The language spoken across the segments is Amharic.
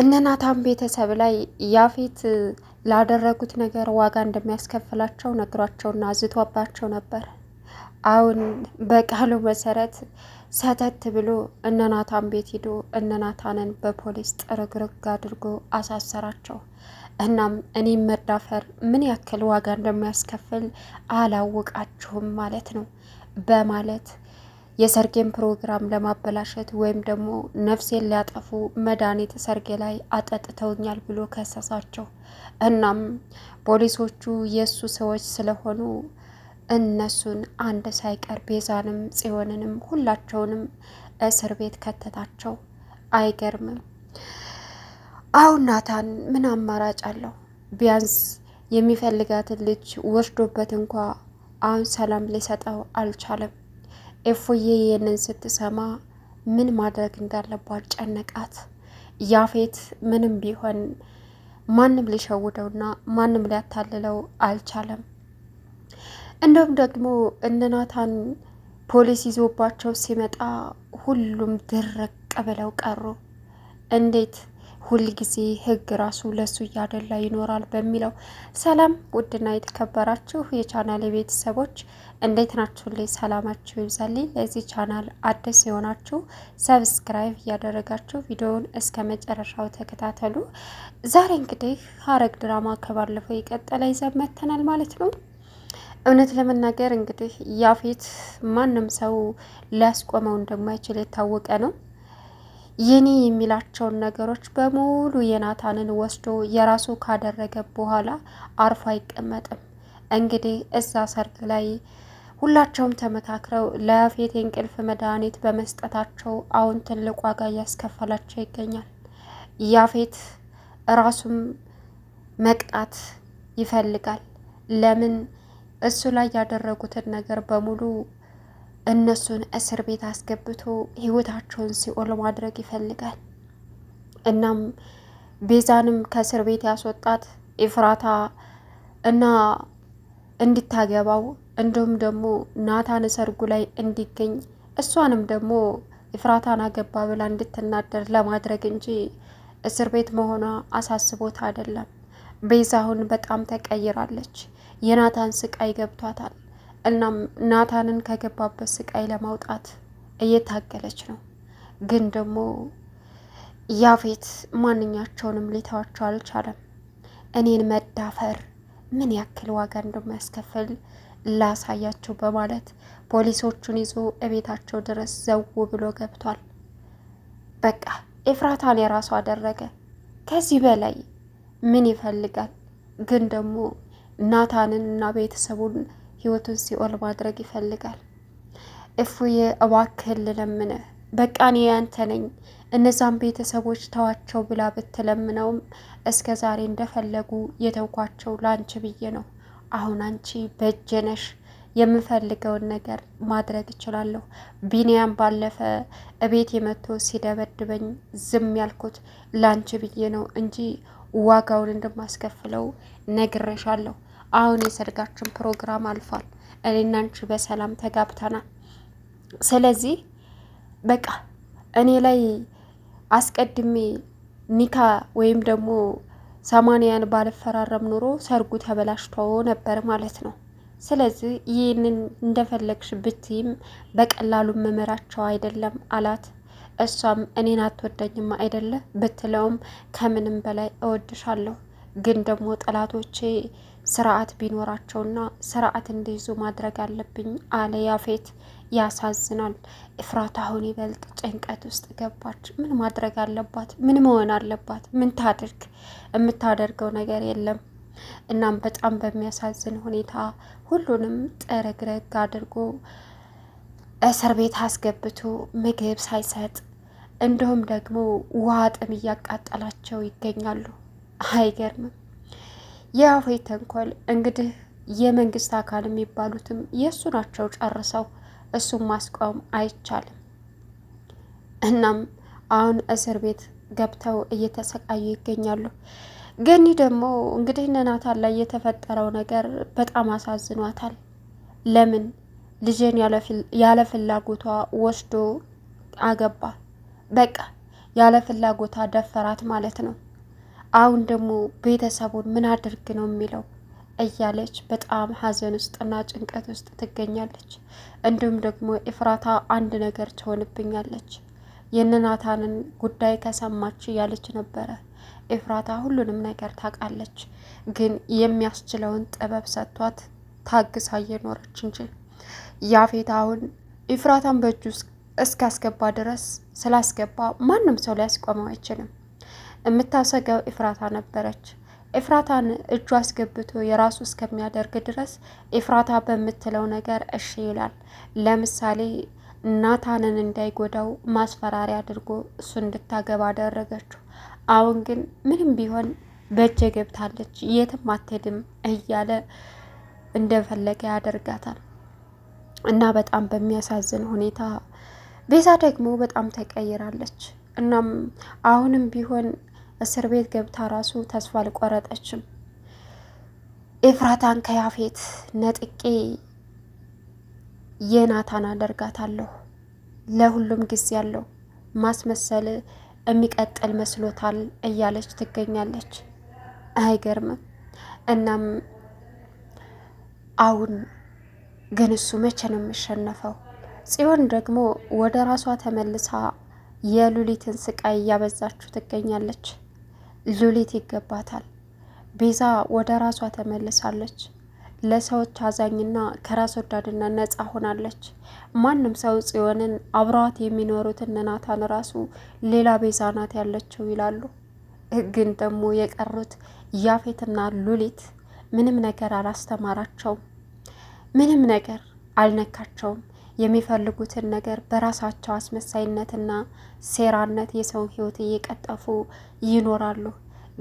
እነ ናታን ቤተሰብ ላይ ያፌት ላደረጉት ነገር ዋጋ እንደሚያስከፍላቸው ነግሯቸውና አዝቷባቸው ነበር። አሁን በቃሉ መሰረት ሰተት ብሎ እነ ናታን ቤት ሂዶ እነ ናታንን በፖሊስ ጥርግርግ አድርጎ አሳሰራቸው። እናም እኔም መዳፈር ምን ያክል ዋጋ እንደሚያስከፍል አላወቃችሁም ማለት ነው በማለት የሰርጌን ፕሮግራም ለማበላሸት ወይም ደግሞ ነፍሴን ሊያጠፉ መድኃኒት ሰርጌ ላይ አጠጥተውኛል ብሎ ከሰሳቸው። እናም ፖሊሶቹ የእሱ ሰዎች ስለሆኑ እነሱን አንድ ሳይቀር ቤዛንም ጽዮንንም ሁላቸውንም እስር ቤት ከተታቸው። አይገርምም? አሁን ናታን ምን አማራጭ አለው? ቢያንስ የሚፈልጋትን ልጅ ወስዶበት እንኳ አሁን ሰላም ሊሰጠው አልቻለም። ኤፎዬ ይህንን ስትሰማ ምን ማድረግ እንዳለባት ጨነቃት። ያፌት ምንም ቢሆን ማንም ሊሸውደውና ማንም ሊያታልለው አልቻለም። እንደውም ደግሞ እነናታን ፖሊስ ይዞባቸው ሲመጣ ሁሉም ድርቅ ብለው ቀሩ። እንዴት ሁልጊዜ ህግ ራሱ ለሱ እያደላ ይኖራል በሚለው ሰላም ውድና የተከበራችሁ የቻናል ቤተሰቦች እንዴት ናችሁ? ላይ ሰላማችሁ ይብዛልኝ። ለዚህ ቻናል አዲስ የሆናችሁ ሰብስክራይብ እያደረጋችሁ ቪዲዮውን እስከ መጨረሻው ተከታተሉ። ዛሬ እንግዲህ ሐረግ ድራማ ከባለፈው የቀጠለ ይዘን መተናል ማለት ነው። እውነት ለመናገር እንግዲህ ያፌት ማንም ሰው ሊያስቆመው እንደማይችል የታወቀ ነው። የኔ የሚላቸውን ነገሮች በሙሉ የናታንን ወስዶ የራሱ ካደረገ በኋላ አርፎ አይቀመጥም። እንግዲህ እዛ ሰርግ ላይ ሁላቸውም ተመካክረው ለያፌት የእንቅልፍ መድኃኒት በመስጠታቸው አሁን ትልቅ ዋጋ እያስከፈላቸው ይገኛል። ያፌት ራሱም መቅጣት ይፈልጋል። ለምን እሱ ላይ ያደረጉትን ነገር በሙሉ እነሱን እስር ቤት አስገብቶ ህይወታቸውን ሲኦል ማድረግ ይፈልጋል። እናም ቤዛንም ከእስር ቤት ያስወጣት ኤፍራታ እና እንድታገባው እንዲሁም ደግሞ ናታን ሰርጉ ላይ እንዲገኝ እሷንም ደግሞ ኤፍራታን አገባ ብላ እንድትናደር ለማድረግ እንጂ እስር ቤት መሆኗ አሳስቦት አይደለም። ቤዛ አሁን በጣም ተቀይራለች። የናታን ስቃይ ገብቷታል። እናም ናታንን ከገባበት ስቃይ ለማውጣት እየታገለች ነው። ግን ደግሞ ያፌት ማንኛቸውንም ሊተዋቸው አልቻለም። እኔን መዳፈር ምን ያክል ዋጋ እንደሚያስከፍል ላሳያቸው በማለት ፖሊሶቹን ይዞ እቤታቸው ድረስ ዘው ብሎ ገብቷል። በቃ ኤፍራታን የራሱ አደረገ። ከዚህ በላይ ምን ይፈልጋል? ግን ደግሞ ናታንን እና ቤተሰቡን ህይወቱን ሲኦል ማድረግ ይፈልጋል። እፉዬ እባክህን ልለምንህ፣ በቃ እኔ ያንተ ነኝ፣ እነዛን ቤተሰቦች ተዋቸው ብላ ብትለምነውም እስከ ዛሬ እንደፈለጉ የተውኳቸው ለአንቺ ብዬ ነው። አሁን አንቺ በእጄ ነሽ፣ የምፈልገውን ነገር ማድረግ እችላለሁ። ቢኒያም ባለፈ እቤት የመቶ ሲደበድበኝ ዝም ያልኩት ለአንቺ ብዬ ነው እንጂ ዋጋውን እንደማስከፍለው ነግረሻለሁ። አሁን የሰርጋችን ፕሮግራም አልፏል። እኔና አንቺ በሰላም ተጋብተናል። ስለዚህ በቃ እኔ ላይ አስቀድሜ ኒካ ወይም ደግሞ ሰማንያን ባልፈራረም ኑሮ ሰርጉ ተበላሽቶ ነበር ማለት ነው። ስለዚህ ይህንን እንደፈለግሽ ብትይም በቀላሉ መመራቸው አይደለም አላት። እሷም እኔን አትወደኝም አይደለም ብትለውም ከምንም በላይ እወድሻለሁ ግን ደግሞ ጠላቶቼ ስርዓት ቢኖራቸውና ስርዓት እንዲይዙ ማድረግ አለብኝ አለ ያፌት። ያሳዝናል። እፍራት አሁን ይበልጥ ጭንቀት ውስጥ ገባች። ምን ማድረግ አለባት? ምን መሆን አለባት? ምን ታድርግ? የምታደርገው ነገር የለም። እናም በጣም በሚያሳዝን ሁኔታ ሁሉንም ጥርግርግ አድርጎ እስር ቤት አስገብቶ ምግብ ሳይሰጥ እንዲሁም ደግሞ ውሃ ጥም እያቃጠላቸው ይገኛሉ። አይገርምም? የአፌ ተንኮል እንግዲህ የመንግስት አካል የሚባሉትም የእሱ ናቸው። ጨርሰው እሱን ማስቆም አይቻልም። እናም አሁን እስር ቤት ገብተው እየተሰቃዩ ይገኛሉ። ገኒ ደግሞ እንግዲህ ነናታን ላይ የተፈጠረው ነገር በጣም አሳዝኗታል። ለምን ልጄን ያለ ፍላጎቷ ወስዶ አገባ? በቃ ያለ ፍላጎቷ ደፈራት ማለት ነው። አሁን ደግሞ ቤተሰቡን ምን አድርግ ነው የሚለው እያለች በጣም ሀዘን ውስጥና ጭንቀት ውስጥ ትገኛለች። እንዲሁም ደግሞ ኢፍራታ አንድ ነገር ትሆንብኛለች የነናታንን ጉዳይ ከሰማች እያለች ነበረ። ኢፍራታ ሁሉንም ነገር ታውቃለች፣ ግን የሚያስችለውን ጥበብ ሰጥቷት ታግሳ እየኖረች እንጂ ያፌት አሁን ኢፍራታን በእጁ እስካስገባ ድረስ ስላስገባ ማንም ሰው ሊያስቆመው አይችልም። የምታሰጋው ኤፍራታ ነበረች። ኤፍራታን እጁ አስገብቶ የራሱ እስከሚያደርግ ድረስ ኤፍራታ በምትለው ነገር እሺ ይላል። ለምሳሌ ናታንን እንዳይጎዳው ማስፈራሪያ አድርጎ እሱ እንድታገባ አደረገችው። አሁን ግን ምንም ቢሆን በእጄ ገብታለች፣ የትም አትሄድም እያለ እንደፈለገ ያደርጋታል እና በጣም በሚያሳዝን ሁኔታ ቤዛ ደግሞ በጣም ተቀይራለች። እናም አሁንም ቢሆን እስር ቤት ገብታ ራሱ ተስፋ አልቆረጠችም። ኤፍራታን ከያፌት ነጥቄ የናታን አደርጋታለሁ። ለሁሉም ጊዜ ያለው ማስመሰል የሚቀጥል መስሎታል እያለች ትገኛለች። አይገርምም። እናም አሁን ግን እሱ መቼ ነው የሚሸነፈው? ጽዮን ደግሞ ወደ ራሷ ተመልሳ የሉሊትን ስቃይ እያበዛችሁ ትገኛለች። ሉሊት ይገባታል። ቤዛ ወደ ራሷ ተመልሳለች። ለሰዎች አዛኝና ከራስ ወዳድና ነጻ ሆናለች። ማንም ሰው ጽዮንን አብረዋት የሚኖሩትን ናታን ራሱ ሌላ ቤዛ ናት ያለችው ይላሉ። ግን ደግሞ የቀሩት ያፌትና ሉሊት ምንም ነገር አላስተማራቸውም፣ ምንም ነገር አልነካቸውም። የሚፈልጉትን ነገር በራሳቸው አስመሳይነትና ሴራነት የሰውን ህይወት እየቀጠፉ ይኖራሉ።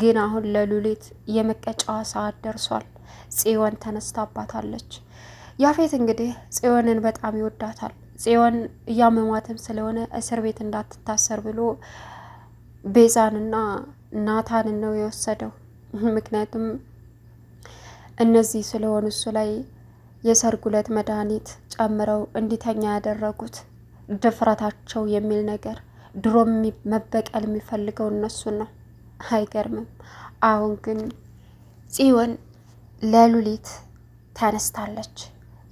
ግን አሁን ለሉሊት የመቀጫዋ ሰዓት ደርሷል። ጽዮን ተነስታባታለች። ያፌት እንግዲህ ጽዮንን በጣም ይወዳታል። ጽዮን እያመሟትም ስለሆነ እስር ቤት እንዳትታሰር ብሎ ቤዛንና ናታንን ነው የወሰደው። ምክንያቱም እነዚህ ስለሆኑ እሱ ላይ የሰርጉለት መድኃኒት ጨምረው እንዲተኛ ያደረጉት ድፍረታቸው የሚል ነገር ድሮ መበቀል የሚፈልገው እነሱን ነው። አይገርምም። አሁን ግን ጽዮን ለሉሊት ተነስታለች።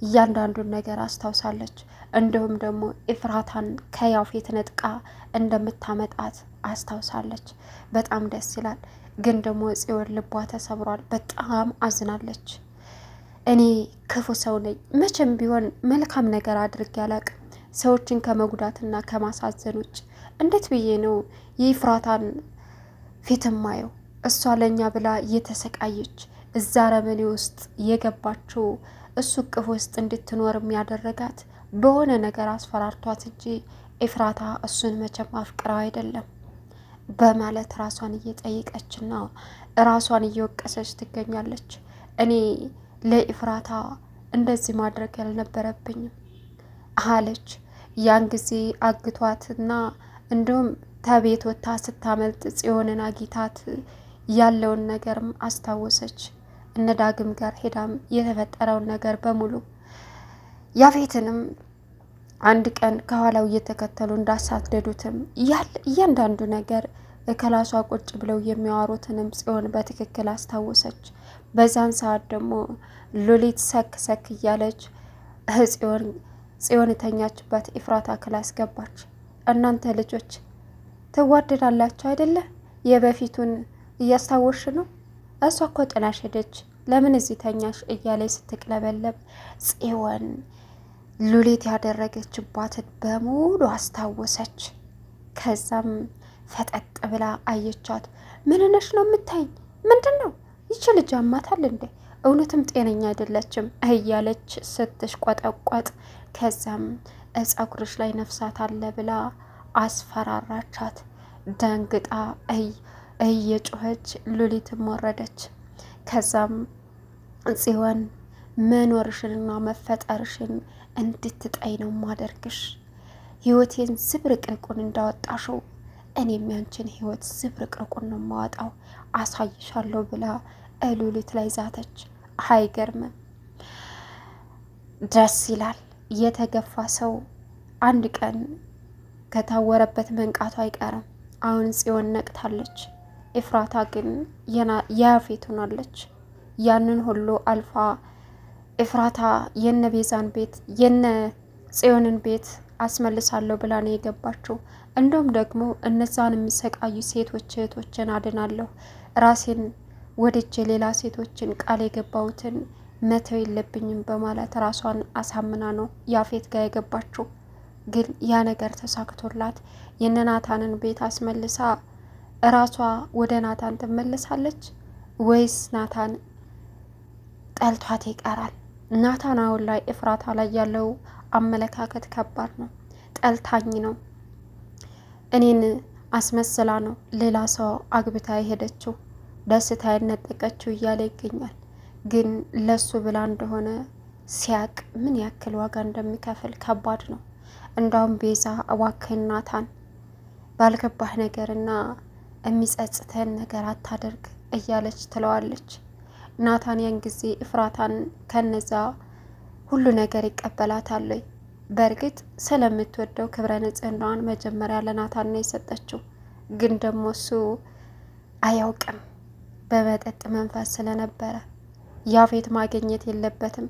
እያንዳንዱን ነገር አስታውሳለች። እንዲሁም ደግሞ ኢፍራታን ከያፌት ነጥቃ እንደምታመጣት አስታውሳለች። በጣም ደስ ይላል። ግን ደግሞ ጽዮን ልቧ ተሰብሯል። በጣም አዝናለች። እኔ ክፉ ሰው ነኝ። መቼም ቢሆን መልካም ነገር አድርጌ አላቅም ሰዎችን ከመጉዳትና ከማሳዘን ውጭ። እንዴት ብዬ ነው የኤፍራታን ፊትም ማየው? እሷ ለእኛ ብላ እየተሰቃየች እዛ ረመኔ ውስጥ የገባችው እሱ ቅፍ ውስጥ እንድትኖርም ያደረጋት በሆነ ነገር አስፈራርቷት እንጂ ኤፍራታ እሱን መቼም አፍቅረው አይደለም በማለት ራሷን እየጠየቀችና ራሷን እየወቀሰች ትገኛለች። እኔ ለኢፍራታ እንደዚህ ማድረግ ያልነበረብኝም አለች። ያን ጊዜ አግቷትና እንዲሁም ተቤት ወታ ስታመልጥ ጽዮንን አጊታት ያለውን ነገርም አስታወሰች። እነ ዳግም ጋር ሄዳም የተፈጠረውን ነገር በሙሉ ያፌትንም አንድ ቀን ከኋላው እየተከተሉ እንዳሳደዱትም እያንዳንዱ ነገር እከላሷ ቁጭ ብለው የሚያወሩትንም ጽዮን በትክክል አስታወሰች። በዛን ሰዓት ደግሞ ሉሊት ሰክ ሰክ እያለች ጽዮን የተኛችበት ኢፍራት ክላስ ገባች። እናንተ ልጆች ትዋደዳላችሁ አይደለ? የበፊቱን እያስታወሽ ነው? እሷ እኮ ጥናሽ ሄደች፣ ለምን እዚህ ተኛሽ? እያለች ስትቅለበለብ ጽዮን ሉሊት ያደረገችባትን በሙሉ አስታወሰች። ከዛም ፈጠጥ ብላ አየቻት። ምንነሽ ነው የምታይኝ? ምንድን ነው ይቺ ልጅ አማታል እንዴ? እውነትም ጤነኛ አይደለችም እያለች ቆጠቆጥ ከዛም ጸጉርሽ ላይ ነፍሳት አለ ብላ አስፈራራቻት። ደንግጣ እየጮኸች ሉሊትም ወረደች። ከዛም ጽዮን መኖርሽንና መፈጠርሽን እንድትጠይ ነው ማደርግሽ ህይወቴን ዝብርቅርቁን እንዳወጣሽው እኔም ያንችን ህይወት ዝብርቅርቁን ነው የማወጣው አሳይሻለሁ ብላ እሉሊት ላይ ዛተች። አይገርምም? ደስ ይላል። የተገፋ ሰው አንድ ቀን ከታወረበት መንቃቱ አይቀርም። አሁን ጽዮን ነቅታለች። ኤፍራታ ግን የያፌት ሆናለች። ያንን ሁሉ አልፋ ኤፍራታ የነ ቤዛን ቤት የነ ጽዮንን ቤት አስመልሳለሁ ብላ ነው የገባችው። እንዲሁም ደግሞ እነዛን የሚሰቃዩ ሴቶች እህቶችን አድናለሁ። ራሴን ወድጄ ሌላ ሴቶችን ቃል የገባሁትን መተው የለብኝም በማለት ራሷን አሳምና ነው ያፌት ጋር የገባችው። ግን ያ ነገር ተሳክቶላት የነ ናታንን ቤት አስመልሳ እራሷ ወደ ናታን ትመለሳለች ወይስ ናታን ጠልቷት ይቀራል? ናታን አሁን ላይ እፍራታ ላይ ያለው አመለካከት ከባድ ነው። ጠልታኝ ነው እኔን አስመስላ ነው ሌላ ሰው አግብታ የሄደችው ደስታ የነጠቀችው እያለ ይገኛል። ግን ለሱ ብላ እንደሆነ ሲያቅ ምን ያክል ዋጋ እንደሚከፍል ከባድ ነው። እንዳውም ቤዛ እባክህ ናታን ባልገባህ ነገርና የሚጸጽተን ነገር አታደርግ እያለች ትለዋለች። ናታን ያን ጊዜ እፍራታን ከነዛ ሁሉ ነገር ይቀበላታል። በእርግጥ ስለምትወደው ክብረ ንጽህናዋን መጀመሪያ ለናታን ነው የሰጠችው። ግን ደግሞ እሱ አያውቅም፣ በመጠጥ መንፈስ ስለነበረ ያፌት ማግኘት የለበትም።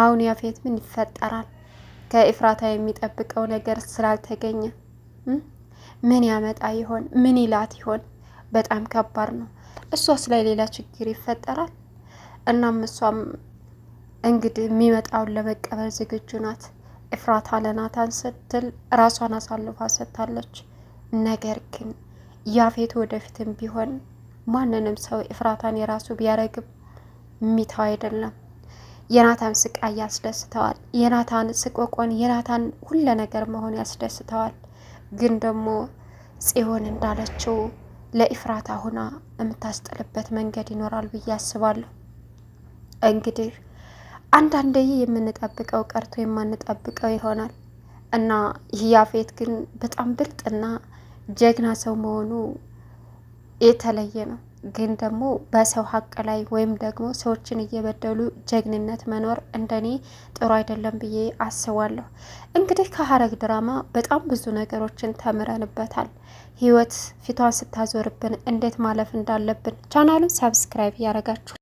አሁን ያፌት ምን ይፈጠራል? ከኤፍራታ የሚጠብቀው ነገር ስላልተገኘ ምን ያመጣ ይሆን? ምን ይላት ይሆን? በጣም ከባድ ነው። እሷስ ላይ ሌላ ችግር ይፈጠራል። እናም እሷም እንግዲህ የሚመጣውን ለመቀበል ዝግጁ ናት። እፍራታ ለናታን ስትል ራሷን አሳልፋ ሰጥታለች። ነገር ግን ያፌት ወደፊትም ቢሆን ማንንም ሰው እፍራታን የራሱ ቢያደርግም ሚታው አይደለም። የናታን ስቃይ ያስደስተዋል። የናታን ስቆቆን፣ የናታን ሁለ ነገር መሆን ያስደስተዋል። ግን ደግሞ ጽዮን እንዳለችው ለኢፍራታ ሆና የምታስጥልበት መንገድ ይኖራል ብዬ አስባለሁ እንግዲህ አንዳንዴ የምንጠብቀው ቀርቶ የማንጠብቀው ይሆናል እና ያፌት ግን በጣም ብልጥና ጀግና ሰው መሆኑ የተለየ ነው። ግን ደግሞ በሰው ሀቅ ላይ ወይም ደግሞ ሰዎችን እየበደሉ ጀግንነት መኖር እንደኔ ጥሩ አይደለም ብዬ አስባለሁ። እንግዲህ ከሀረግ ድራማ በጣም ብዙ ነገሮችን ተምረንበታል። ህይወት ፊቷን ስታዞርብን እንዴት ማለፍ እንዳለብን። ቻናሉን ሰብስክራይብ ያደረጋችሁ